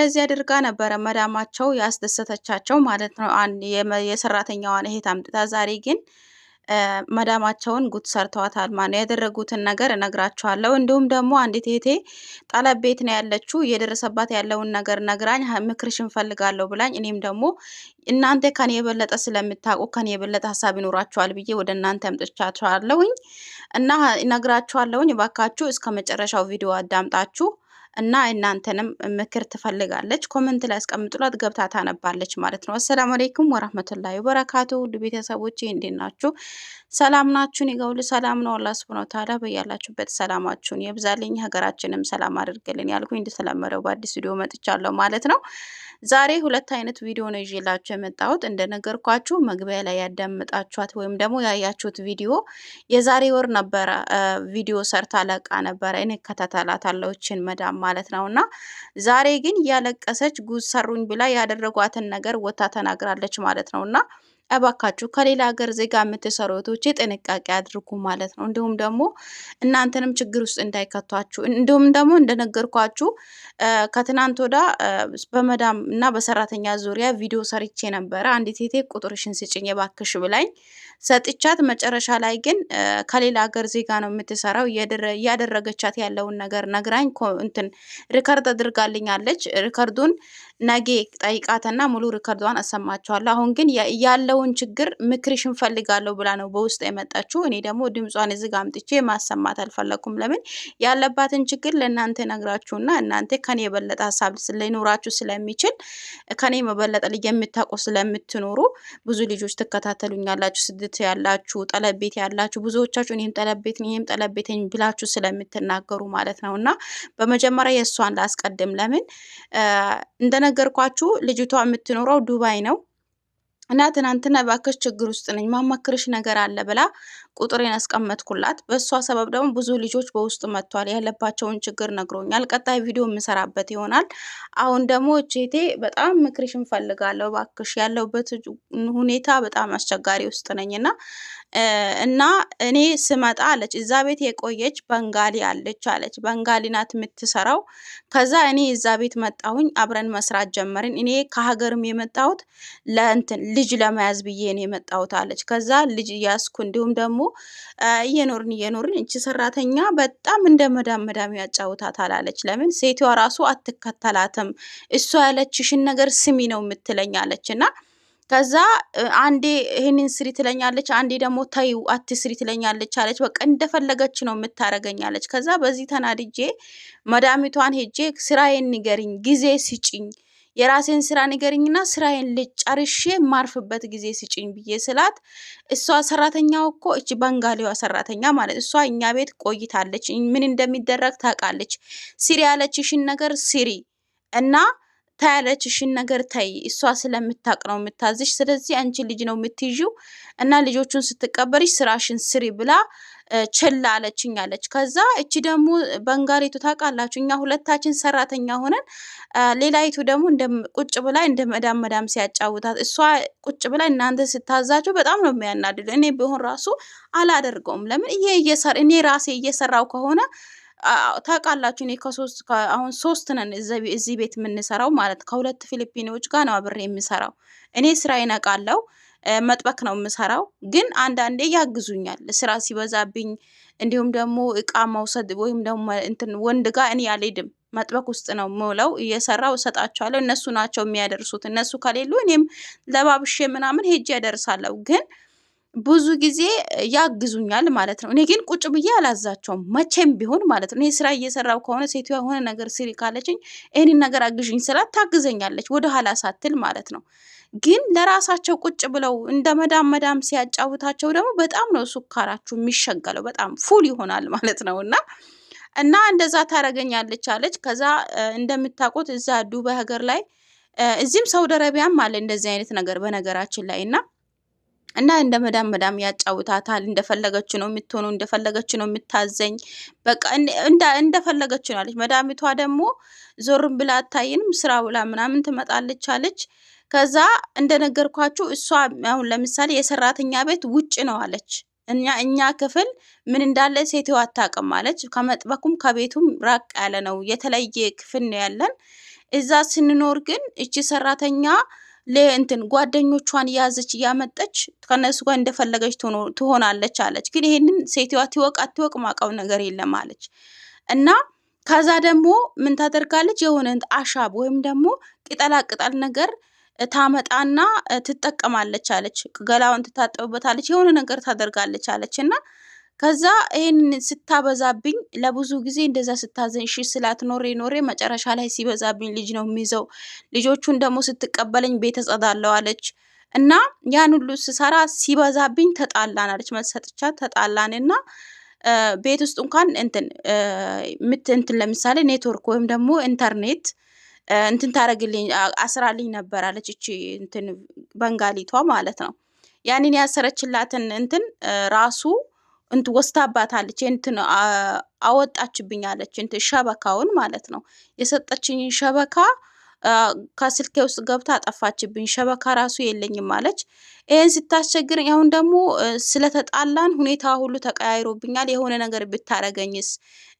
እንደዚህ አድርጋ ነበረ መዳማቸው ያስደሰተቻቸው ማለት ነው። አንድ የሰራተኛዋን እህት አምጥታ ዛሬ ግን መዳማቸውን ጉት ሰርተዋታል ማ ነው። ያደረጉትን ነገር እነግራችኋለሁ። እንዲሁም ደግሞ አንዲት እህቴ ጠለብ ቤት ነው ያለችው። እየደረሰባት ያለውን ነገር ነግራኝ ምክርሽ እንፈልጋለሁ ብላኝ እኔም ደግሞ እናንተ ከኔ የበለጠ ስለምታውቁ ከኔ የበለጠ ሀሳብ ይኖራችኋል ብዬ ወደ እናንተ አምጥቻችኋለሁኝ እና እነግራችኋለሁኝ። እባካችሁ እስከ መጨረሻው ቪዲዮ አዳምጣችሁ እና እናንተንም ምክር ትፈልጋለች። ኮመንት ላይ አስቀምጡላት፣ ገብታ ታነባለች ማለት ነው። አሰላሙ አሌይኩም ወራህመቱላሂ ወበረካቱ። ውድ ቤተሰቦች እንዴት ናችሁ? ሰላም ናችሁን? ይገውል ሰላም ነው። አላህ ሱብሃነሁ ወተዓላ በያላችሁበት ሰላማችሁን የብዛልኝ፣ ሀገራችንም ሰላም አድርግልን ያልኩኝ እንደተለመደው በአዲስ ቪዲዮ መጥቻለሁ ማለት ነው። ዛሬ ሁለት አይነት ቪዲዮ ነው ይዤላችሁ የመጣሁት። እንደነገርኳችሁ መግቢያ ላይ ያዳምጣችኋት ወይም ደግሞ ያያችሁት ቪዲዮ የዛሬ ወር ነበረ ቪዲዮ ሰርታ ለቃ ነበረ። እኔ እከታተላታለሁ ይችን መዳም ማለት ነው። እና ዛሬ ግን እያለቀሰች ጉዝ ሰሩኝ ብላ ያደረጓትን ነገር ወታ ተናግራለች ማለት ነው እና እባካችሁ ከሌላ ሀገር ዜጋ የምትሰሩ እህቶቼ ጥንቃቄ አድርጉ ማለት ነው። እንዲሁም ደግሞ እናንተንም ችግር ውስጥ እንዳይከቷችሁ፣ እንዲሁም ደግሞ እንደነገርኳችሁ ከትናንት ወዳ በመዳም እና በሰራተኛ ዙሪያ ቪዲዮ ሰርቼ ነበረ። አንዲት ቴቴ ቁጥርሽን ስጭኝ የባክሽ ብላኝ ሰጥቻት፣ መጨረሻ ላይ ግን ከሌላ ሀገር ዜጋ ነው የምትሰራው እያደረገቻት ያለውን ነገር ነግራኝ እንትን ሪከርድ አድርጋልኛለች። ሪከርዱን ነጌ ጠይቃትና ሙሉ ሪከርዷን አሰማችኋለሁ። አሁን ግን ያለው የሰውን ችግር ምክርሽ እንፈልጋለሁ ብላ ነው በውስጥ የመጣችው። እኔ ደግሞ ድምጿን እዚህ ጋ አምጥቼ ማሰማት አልፈለኩም። ለምን ያለባትን ችግር ለእናንተ ነግራችሁና እናንተ ከኔ የበለጠ ሀሳብ ሊኖራችሁ ስለሚችል ከኔ መበለጠ ልጅ የምታውቁ ስለምትኖሩ ብዙ ልጆች ትከታተሉኛላችሁ። ስድት ያላችሁ ጠለቤት ያላችሁ ብዙዎቻችሁ እኔም ጠለቤት ይህም ጠለቤትኝ ብላችሁ ስለምትናገሩ ማለት ነው እና በመጀመሪያ የእሷን ላስቀድም። ለምን እንደነገርኳችሁ ልጅቷ የምትኖረው ዱባይ ነው። እና ትናንትና እባክሽ ችግር ውስጥ ነኝ ማማክርሽ ነገር አለ ብላ ቁጥሬን ያስቀመጥኩላት። በእሷ ሰበብ ደግሞ ብዙ ልጆች በውስጡ መጥቷል። ያለባቸውን ችግር ነግሮኛል። ቀጣይ ቪዲዮ የምሰራበት ይሆናል። አሁን ደግሞ እቼቴ በጣም ምክርሽ እንፈልጋለሁ ባክሽ። ያለውበት ሁኔታ በጣም አስቸጋሪ ውስጥ ነኝና እና እኔ ስመጣ አለች እዛ ቤት የቆየች በንጋሊ አለች አለች በንጋሊ ናት የምትሰራው። ከዛ እኔ እዛ ቤት መጣሁኝ፣ አብረን መስራት ጀመርን። እኔ ከሀገርም የመጣሁት ለእንትን ልጅ ለመያዝ ብዬ ነው የመጣሁት አለች። ከዛ ልጅ እያስኩ እንዲሁም ደግሞ እየኖርን እየኖርን እቺ ሰራተኛ በጣም እንደ መዳም መዳም ያጫውታት አላለች። ለምን ሴትዋ ራሱ አትከተላትም፣ እሷ ያለችሽን ነገር ስሚ ነው የምትለኝ አለች እና ከዛ አንዴ ይህንን ስሪ ትለኛለች፣ አንዴ ደግሞ ተዩ አትስሪ ትለኛለች አለች። በቃ እንደፈለገች ነው የምታረገኛለች። ከዛ በዚህ ተናድጄ መዳሚቷን ሄጄ ስራዬን ንገሪኝ፣ ጊዜ ስጭኝ የራሴን ስራ ንገርኝና ስራዬን ልጨርሼ ማርፍበት ጊዜ ስጭኝ ብዬ ስላት እሷ ሰራተኛ እኮ እች በንጋሊዋ ሰራተኛ ማለት እሷ እኛ ቤት ቆይታለች። ምን እንደሚደረግ ታውቃለች። ስሪ ያለችሽን ነገር ስሪ እና ታያለች። እሽን ነገር ታይ፣ እሷ ስለምታቅ ነው የምታዝሽ። ስለዚህ አንቺ ልጅ ነው የምትይዥው እና ልጆቹን ስትቀበልሽ ስራሽን ስሪ ብላ ችላ አለችኝ አለች። ከዛ እቺ ደግሞ በንጋሪቱ ታውቃላችሁ፣ እኛ ሁለታችን ሰራተኛ ሆነን፣ ሌላይቱ ደግሞ ቁጭ ብላ እንደ መዳም መዳም ሲያጫውታት፣ እሷ ቁጭ ብላ እናንተ ስታዛቸው በጣም ነው የሚያናድዱ። እኔ ቢሆን ራሱ አላደርገውም። ለምን እኔ ራሴ እየሰራው ከሆነ ታውቃላችሁ እኔ ከሶስት አሁን ሶስት ነን እዚህ ቤት የምንሰራው ማለት ከሁለት ፊሊፒኒዎች ጋር ነው አብሬ የምሰራው። እኔ ስራ ይነቃለው መጥበክ ነው የምሰራው። ግን አንዳንዴ ያግዙኛል ስራ ሲበዛብኝ፣ እንዲሁም ደግሞ እቃ መውሰድ ወይም ደግሞ እንትን ወንድ ጋር እኔ አልሄድም። መጥበቅ ውስጥ ነው ምውለው፣ እየሰራው እሰጣቸዋለሁ። እነሱ ናቸው የሚያደርሱት። እነሱ ከሌሉ እኔም ለባብሼ ምናምን ሄጄ ያደርሳለሁ ግን ብዙ ጊዜ ያግዙኛል ማለት ነው። እኔ ግን ቁጭ ብዬ አላዛቸውም መቼም ቢሆን ማለት ነው። እኔ ስራ እየሰራው ከሆነ ሴት የሆነ ነገር ስሪ ካለችኝ ይህንን ነገር አግዥኝ ስላት ታግዘኛለች ኋላ ሳትል ማለት ነው። ግን ለራሳቸው ቁጭ ብለው እንደ መዳም መዳም ሲያጫውታቸው ደግሞ በጣም ነው ሱካራችሁ የሚሸገለው በጣም ፉል ይሆናል ማለት ነው እና እና እንደዛ ታረገኛለች አለች። ከዛ እንደምታውቁት እዛ ዱባይ ሀገር ላይ እዚህም ሳውዲ አረቢያም አለ እንደዚህ አይነት ነገር በነገራችን ላይ እና እና እንደ መዳም መዳም ያጫውታታል። እንደፈለገች ነው የምትሆኑ እንደፈለገች ነው የምታዘኝ። በቃ እንደፈለገች ነው አለች። መዳሚቷ ደግሞ ዞርም ብላ አታይንም፣ ስራ ብላ ምናምን ትመጣለች አለች። ከዛ እንደነገርኳችሁ እሷ አሁን ለምሳሌ የሰራተኛ ቤት ውጭ ነው አለች። እኛ እኛ ክፍል ምን እንዳለ ሴትዋ አታውቅም አለች። ከመጥበኩም ከቤቱም ራቅ ያለ ነው፣ የተለየ ክፍል ነው ያለን። እዛ ስንኖር ግን እቺ ሰራተኛ ለእንትን ጓደኞቿን ያዘች እያመጠች ከነሱ ጋር እንደፈለገች ትሆናለች አለች። ግን ይሄንን ሴትዋ ትወቅ አትወቅ ማቀው ነገር የለም አለች እና ከዛ ደግሞ ምን ታደርጋለች? የሆነ አሻብ ወይም ደግሞ ቅጠላ ቅጠል ነገር ታመጣና ትጠቀማለች አለች። ገላውን ትታጠብበታለች፣ የሆነ ነገር ታደርጋለች አለች እና ከዛ ይህን ስታበዛብኝ ለብዙ ጊዜ እንደዛ ስታዘን እሺ ስላት ኖሬ ኖሬ መጨረሻ ላይ ሲበዛብኝ ልጅ ነው የሚይዘው፣ ልጆቹን ደግሞ ስትቀበለኝ ቤት እጸዳለሁ አለች እና ያን ሁሉ ስሰራ ሲበዛብኝ ተጣላን አለች። መሰጥቻ ተጣላን እና ቤት ውስጥ እንኳን እንትን እንትን ለምሳሌ ኔትወርክ ወይም ደግሞ ኢንተርኔት እንትን ታደረግልኝ አስራልኝ ነበር አለች። እቺ እንትን በንጋሊቷ ማለት ነው ያንን ያሰረችላትን እንትን ራሱ እንት ወስታባታለች እንትን አወጣችብኝ አለች። እንትን ሸበካውን ማለት ነው የሰጠችኝ ሸበካ ከስልኬ ውስጥ ገብታ አጠፋችብኝ። ሸበካ ራሱ የለኝም ማለች። ይህን ስታስቸግር አሁን ደግሞ ስለተጣላን ሁኔታ ሁሉ ተቀያይሮብኛል። የሆነ ነገር ብታረገኝስ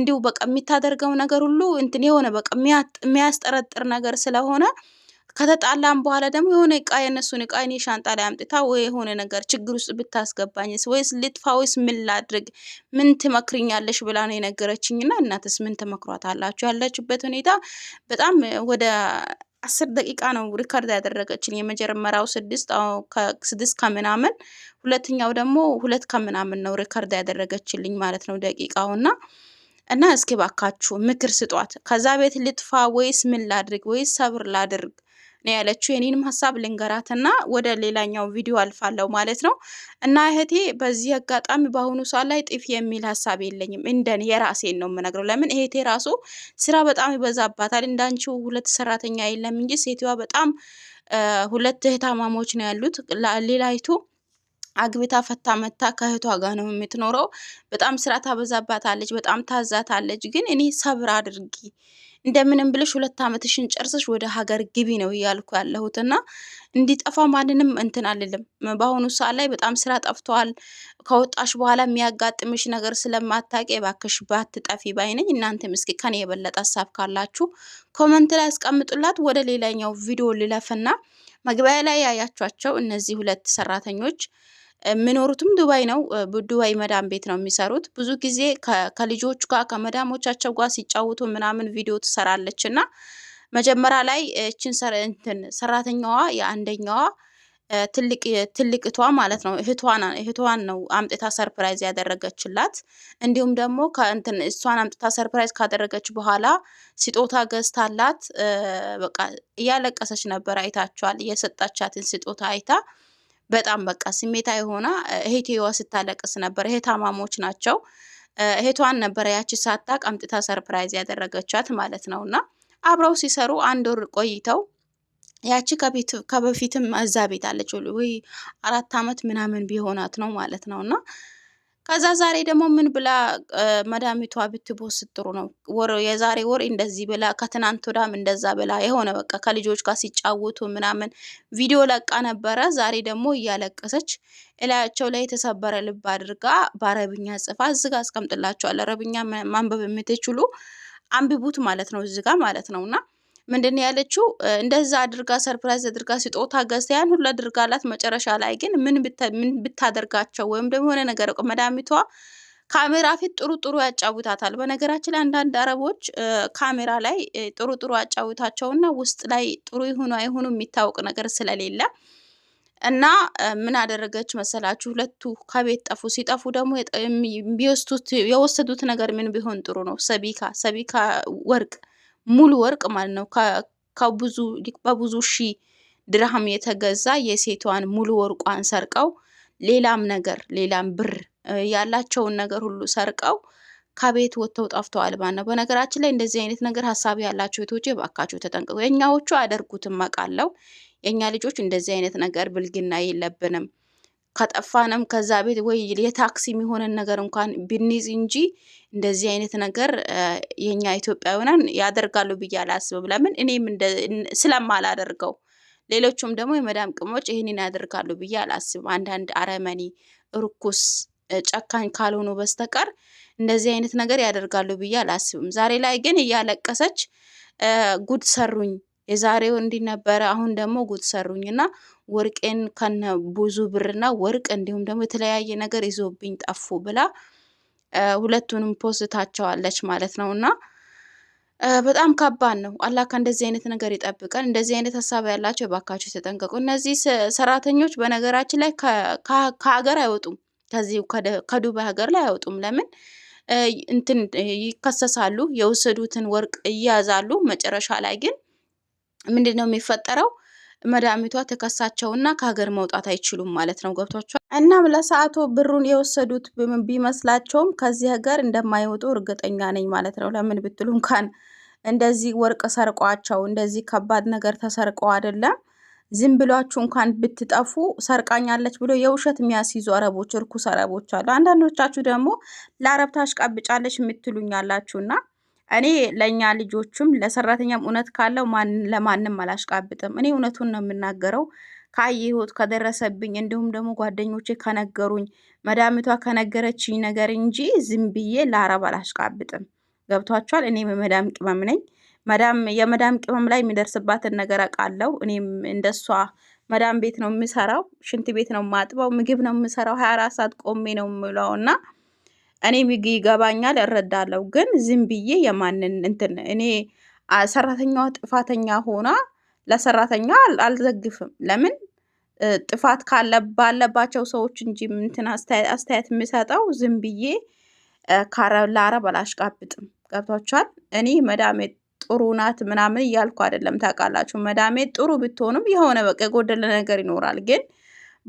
እንዲሁ በቃ የምታደርገው ነገር ሁሉ እንትን የሆነ በቃ የሚያስጠረጥር ነገር ስለሆነ ከተጣላም በኋላ ደግሞ የሆነ እቃ የነሱን እቃ እኔ ሻንጣ ላይ አምጥታ ወይ የሆነ ነገር ችግር ውስጥ ብታስገባኝስ ወይስ ልጥፋ ወይስ ምን ላድርግ ምን ትመክርኛለሽ ብላ ነው የነገረችኝ። እና እናትስ ምን ትመክሯት አላችሁ? ያለችበት ሁኔታ በጣም ወደ አስር ደቂቃ ነው ሪከርድ ያደረገችን። የመጀመሪያው ስድስት ስድስት ከምናምን ሁለተኛው ደግሞ ሁለት ከምናምን ነው ሪከርድ ያደረገችልኝ ማለት ነው ደቂቃውና እና እስኪ ባካችሁ ምክር ስጧት። ከዛ ቤት ልጥፋ ወይስ ምን ላድርግ ወይስ ሰብር ላድርግ ነው ያለችው። የኔንም ሀሳብ ልንገራትና ወደ ሌላኛው ቪዲዮ አልፋለሁ ማለት ነው እና እህቴ በዚህ አጋጣሚ በአሁኑ ሰዓት ላይ ጥፊ የሚል ሀሳብ የለኝም። እንደን የራሴን ነው የምነግረው። ለምን እህቴ ራሱ ስራ በጣም ይበዛባታል። እንዳንቺው ሁለት ሰራተኛ የለም እንጂ ሴትዋ በጣም ሁለት እህታማሞች ነው ያሉት ሌላይቱ አግብታ ፈታ መታ ከእህቷ ጋር ነው የምትኖረው። በጣም ስራ ታበዛባታለች፣ በጣም ታዛታለች። ግን እኔ ሰብር አድርጊ እንደምንም ብለሽ ሁለት ዓመትሽን ጨርሰሽ ወደ ሀገር ግቢ ነው እያልኩ ያለሁት እና እንዲጠፋ ማንንም እንትን አልልም። በአሁኑ ሰዓት ላይ በጣም ስራ ጠፍተዋል። ከወጣሽ በኋላ የሚያጋጥምሽ ነገር ስለማታውቂ እባክሽ ባትጠፊ ባይነኝ። እናንተም እስኪ ከኔ የበለጠ ሀሳብ ካላችሁ ኮመንት ላይ ያስቀምጡላት። ወደ ሌላኛው ቪዲዮ ልለፍና መግቢያ ላይ ያያችኋቸው እነዚህ ሁለት ሰራተኞች የሚኖሩትም ዱባይ ነው። ዱባይ መዳም ቤት ነው የሚሰሩት። ብዙ ጊዜ ከልጆች ጋር ከመዳሞቻቸው ጋር ሲጫወቱ ምናምን ቪዲዮ ትሰራለች እና መጀመሪያ ላይ እችን ሰራተኛዋ የአንደኛዋ ትልቅ ትልቅቷ ማለት ነው እህቷን ነው አምጥታ ሰርፕራይዝ ያደረገችላት። እንዲሁም ደግሞ ከእንትን እሷን አምጥታ ሰርፕራይዝ ካደረገች በኋላ ስጦታ ገዝታላት በቃ እያለቀሰች ነበር። አይታችኋል። እየሰጣቻትን ስጦታ አይታ በጣም በቃ ስሜታ የሆና እህቴዋ ስታለቅስ ነበር። እህት ናቸው። እህቷን ነበር ያቺ ሳታቅ አምጥታ ሰርፕራይዝ ያደረገቻት ማለት ነው። እና አብረው ሲሰሩ አንድ ወር ቆይተው ያቺ ከበፊትም እዛ ቤት አለች ወይ አራት አመት ምናምን ቢሆናት ነው ማለት ነው እና ከዛ ዛሬ ደግሞ ምን ብላ መዳሚቷ ብትቦስት ጥሩ ነው። ወር የዛሬ ወር እንደዚህ ብላ ከትናንት ወዳም እንደዛ ብላ የሆነ በቃ ከልጆች ጋር ሲጫወቱ ምናምን ቪዲዮ ለቃ ነበረ። ዛሬ ደግሞ እያለቀሰች እላያቸው ላይ የተሰበረ ልብ አድርጋ በአረብኛ ጽፋ እዚጋ አስቀምጥላቸዋል። አረብኛ ማንበብ የምትችሉ አንብቡት ማለት ነው እዚጋ ማለት ነው እና ምንድን ያለችው እንደዛ አድርጋ ሰርፕራይዝ አድርጋ ስጦታ ገዝታ ያን ሁሉ አድርጋላት፣ መጨረሻ ላይ ግን ምን ብታደርጋቸው ወይም ደግሞ የሆነ ነገር መዳሚቷ ካሜራ ፊት ጥሩ ጥሩ ያጫውታታል። በነገራችን ላይ አንዳንድ አረቦች ካሜራ ላይ ጥሩ ጥሩ ያጫውታቸውና ውስጥ ላይ ጥሩ ይሁኑ አይሁኑ የሚታወቅ ነገር ስለሌለ እና ምን አደረገች መሰላችሁ? ሁለቱ ከቤት ጠፉ። ሲጠፉ ደግሞ የወሰዱት ነገር ምን ቢሆን ጥሩ ነው? ሰቢካ ሰቢካ ወርቅ ሙሉ ወርቅ ማለት ነው ከብዙ በብዙ ሺ ድርሃም የተገዛ የሴቷን ሙሉ ወርቋን ሰርቀው ሌላም ነገር ሌላም ብር ያላቸውን ነገር ሁሉ ሰርቀው ከቤት ወጥተው ጠፍተዋል ማለት ነው። በነገራችን ላይ እንደዚህ አይነት ነገር ሀሳብ ያላቸው እህቶቼ የባካቸው ተጠንቀቁ። የእኛዎቹ አያደርጉትም አውቃለሁ። የእኛ ልጆች እንደዚህ አይነት ነገር ብልግና የለብንም። ከጠፋንም ከዛ ቤት ወይ የታክሲ የሚሆነን ነገር እንኳን ብንይዝ እንጂ እንደዚህ አይነት ነገር የኛ ኢትዮጵያውያን ያደርጋሉ ብዬ አላስብም። ለምን እኔም ስለማላደርገው፣ ሌሎቹም ደግሞ የመዳም ቅሞች ይህንን ያደርጋሉ ብዬ አላስብም። አንዳንድ አረመኒ እርኩስ ጨካኝ ካልሆኑ በስተቀር እንደዚህ አይነት ነገር ያደርጋሉ ብዬ አላስብም። ዛሬ ላይ ግን እያለቀሰች ጉድ ሰሩኝ፣ የዛሬው እንዲህ ነበረ፣ አሁን ደግሞ ጉድ ሰሩኝ እና ወርቄን ከነ ብዙ ብርና ወርቅ እንዲሁም ደግሞ የተለያየ ነገር ይዞብኝ ጠፉ ብላ ሁለቱንም ፖስታቸዋለች ማለት ነው። እና በጣም ከባድ ነው። አላህ ከእንደዚህ አይነት ነገር ይጠብቀን። እንደዚህ አይነት ሀሳብ ያላቸው የባካቸው የተጠንቀቁ። እነዚህ ሰራተኞች በነገራችን ላይ ከሀገር አይወጡም፣ ከዚህ ከዱባይ ሀገር ላይ አይወጡም። ለምን እንትን ይከሰሳሉ፣ የወሰዱትን ወርቅ ይያዛሉ። መጨረሻ ላይ ግን ምንድን ነው የሚፈጠረው? መዳሚቷ ተከሳቸውና ከሀገር መውጣት አይችሉም ማለት ነው። ገብቷቸዋል። እናም ለሰዓቱ ብሩን የወሰዱት ቢመስላቸውም ከዚህ ሀገር እንደማይወጡ እርግጠኛ ነኝ ማለት ነው። ለምን ብትሉ እንኳን እንደዚህ ወርቅ ሰርቋቸው እንደዚህ ከባድ ነገር ተሰርቀው አይደለም ዝም ብሏችሁ እንኳን ብትጠፉ ሰርቃኛለች ብሎ የውሸት የሚያስይዙ አረቦች፣ እርኩስ አረቦች አሉ። አንዳንዶቻችሁ ደግሞ ለአረብ ታሽቃብጫለች የምትሉኝ እኔ ለእኛ ልጆችም ለሰራተኛም እውነት ካለው ለማንም አላሽቃብጥም። እኔ እውነቱን ነው የምናገረው ካየሁት ከደረሰብኝ፣ እንዲሁም ደግሞ ጓደኞቼ ከነገሩኝ፣ መዳምቷ ከነገረችኝ ነገር እንጂ ዝም ብዬ ለአረብ አላሽቃብጥም። ገብቷችኋል? እኔ የመዳም ቅመም ነኝ። የመዳም ቅመም ላይ የሚደርስባትን ነገር አውቃለሁ። እኔም እንደሷ መዳም ቤት ነው የምሰራው፣ ሽንት ቤት ነው ማጥበው፣ ምግብ ነው የምሰራው፣ ሀያ አራት ሰዓት ቆሜ ነው የምውለው እና እኔ ይገባኛል፣ እረዳለሁ። ግን ዝም ብዬ የማንን እንትን እኔ ሰራተኛዋ ጥፋተኛ ሆና ለሰራተኛ አልዘግፍም። ለምን ጥፋት ባለባቸው ሰዎች እንጂ እንትን አስተያየት የምሰጠው ዝም ብዬ ለአረብ አላሽቃብጥም። ገብቷችኋል? እኔ መዳሜ ጥሩ ናት ምናምን እያልኩ አይደለም። ታውቃላችሁ፣ መዳሜ ጥሩ ብትሆንም የሆነ በቃ የጎደለ ነገር ይኖራል። ግን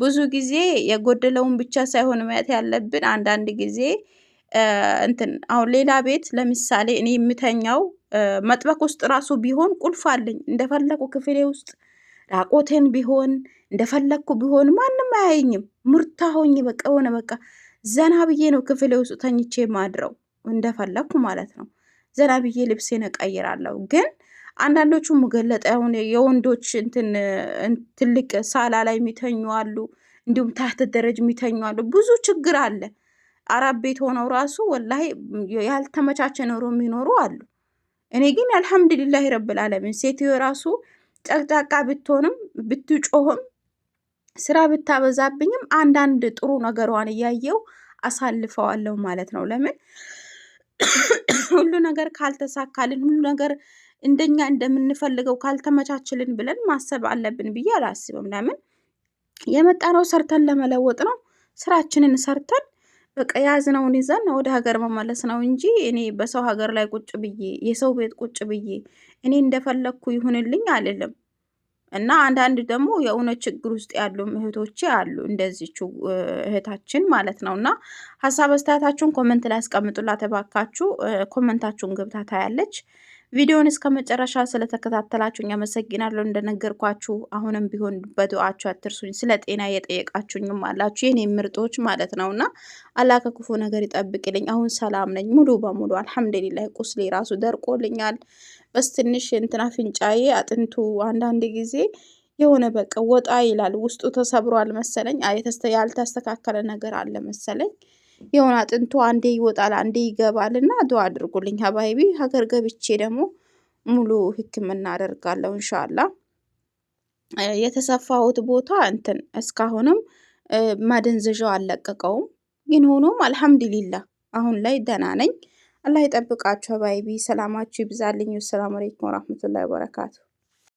ብዙ ጊዜ የጎደለውን ብቻ ሳይሆን ማየት ያለብን አንዳንድ ጊዜ እንትን አሁን ሌላ ቤት ለምሳሌ እኔ የምተኛው መጥበቅ ውስጥ ራሱ ቢሆን ቁልፍ አለኝ። እንደፈለኩ ክፍሌ ውስጥ ራቆቴን ቢሆን እንደፈለግኩ ቢሆን ማንም አያይኝም። ምርታ ሆኜ በቃ የሆነ በቃ ዘና ብዬ ነው ክፍሌ ውስጥ ተኝቼ ማድረው እንደፈለግኩ ማለት ነው። ዘና ብዬ ልብሴን እቀይራለሁ። ግን አንዳንዶቹ መገለጠ የወንዶች ትልቅ ሳላ ላይ የሚተኙ አሉ፣ እንዲሁም ታህት ደረጅ የሚተኙ አሉ። ብዙ ችግር አለ። አረብ ቤት ሆነው ራሱ ወላሂ ያልተመቻቸ ኖሮ የሚኖሩ አሉ። እኔ ግን አልሐምዱሊላህ ረብል ዓለሚን ሴትዮ ራሱ ጨቅጫቃ ብትሆንም ብትጮህም ስራ ብታበዛብኝም አንዳንድ ጥሩ ነገሯን እያየው አሳልፈዋለሁ ማለት ነው። ለምን ሁሉ ነገር ካልተሳካልን፣ ሁሉ ነገር እንደኛ እንደምንፈልገው ካልተመቻችልን ብለን ማሰብ አለብን ብዬ አላስብም። ለምን የመጣነው ሰርተን ለመለወጥ ነው። ስራችንን ሰርተን በቃ የያዝነውን ይዘን ወደ ሀገር መመለስ ነው እንጂ እኔ በሰው ሀገር ላይ ቁጭ ብዬ የሰው ቤት ቁጭ ብዬ እኔ እንደፈለግኩ ይሁንልኝ አልልም። እና አንዳንድ ደግሞ የእውነት ችግር ውስጥ ያሉ እህቶቼ አሉ፣ እንደዚች እህታችን ማለት ነው። እና ሀሳብ አስተያየታችሁን ኮመንት ላይ አስቀምጡላ እባካችሁ። ኮመንታችሁን ገብታ ታያለች። ቪዲዮን እስከ መጨረሻ ስለተከታተላችሁኝ አመሰግናለሁ። እንደነገርኳችሁ አሁንም ቢሆን በዱዓችሁ አትርሱኝ። ስለ ጤና የጠየቃችሁኝም አላችሁ የኔ ምርጦች ማለት ነው እና አላህ ከክፉ ነገር ይጠብቅልኝ። አሁን ሰላም ነኝ ሙሉ በሙሉ አልሐምዱሊላህ። ቁስሌ ራሱ ደርቆልኛል። በስ ትንሽ እንትና አፍንጫዬ አጥንቱ አንዳንድ ጊዜ የሆነ በቃ ወጣ ይላል ውስጡ ተሰብሯል መሰለኝ። ያልተስተካከለ ነገር አለ መሰለኝ የሆነ አጥንቱ አንዴ ይወጣል አንዴ ይገባል እና ዱአ አድርጉልኝ ሀባይቢ። ሀገር ገብቼ ደግሞ ሙሉ ህክምና አደርጋለሁ እንሻላ። የተሰፋሁት ቦታ እንትን እስካሁንም ማደንዘዣው አልለቀቀውም፣ ግን ሆኖም አልሐምድሊላ አሁን ላይ ደህና ነኝ። አላህ ይጠብቃችሁ ሀባይቢ። ሰላማችሁ ይብዛልኝ። ሰላም አለይኩም ወራህመቱላሂ ወበረካቱ።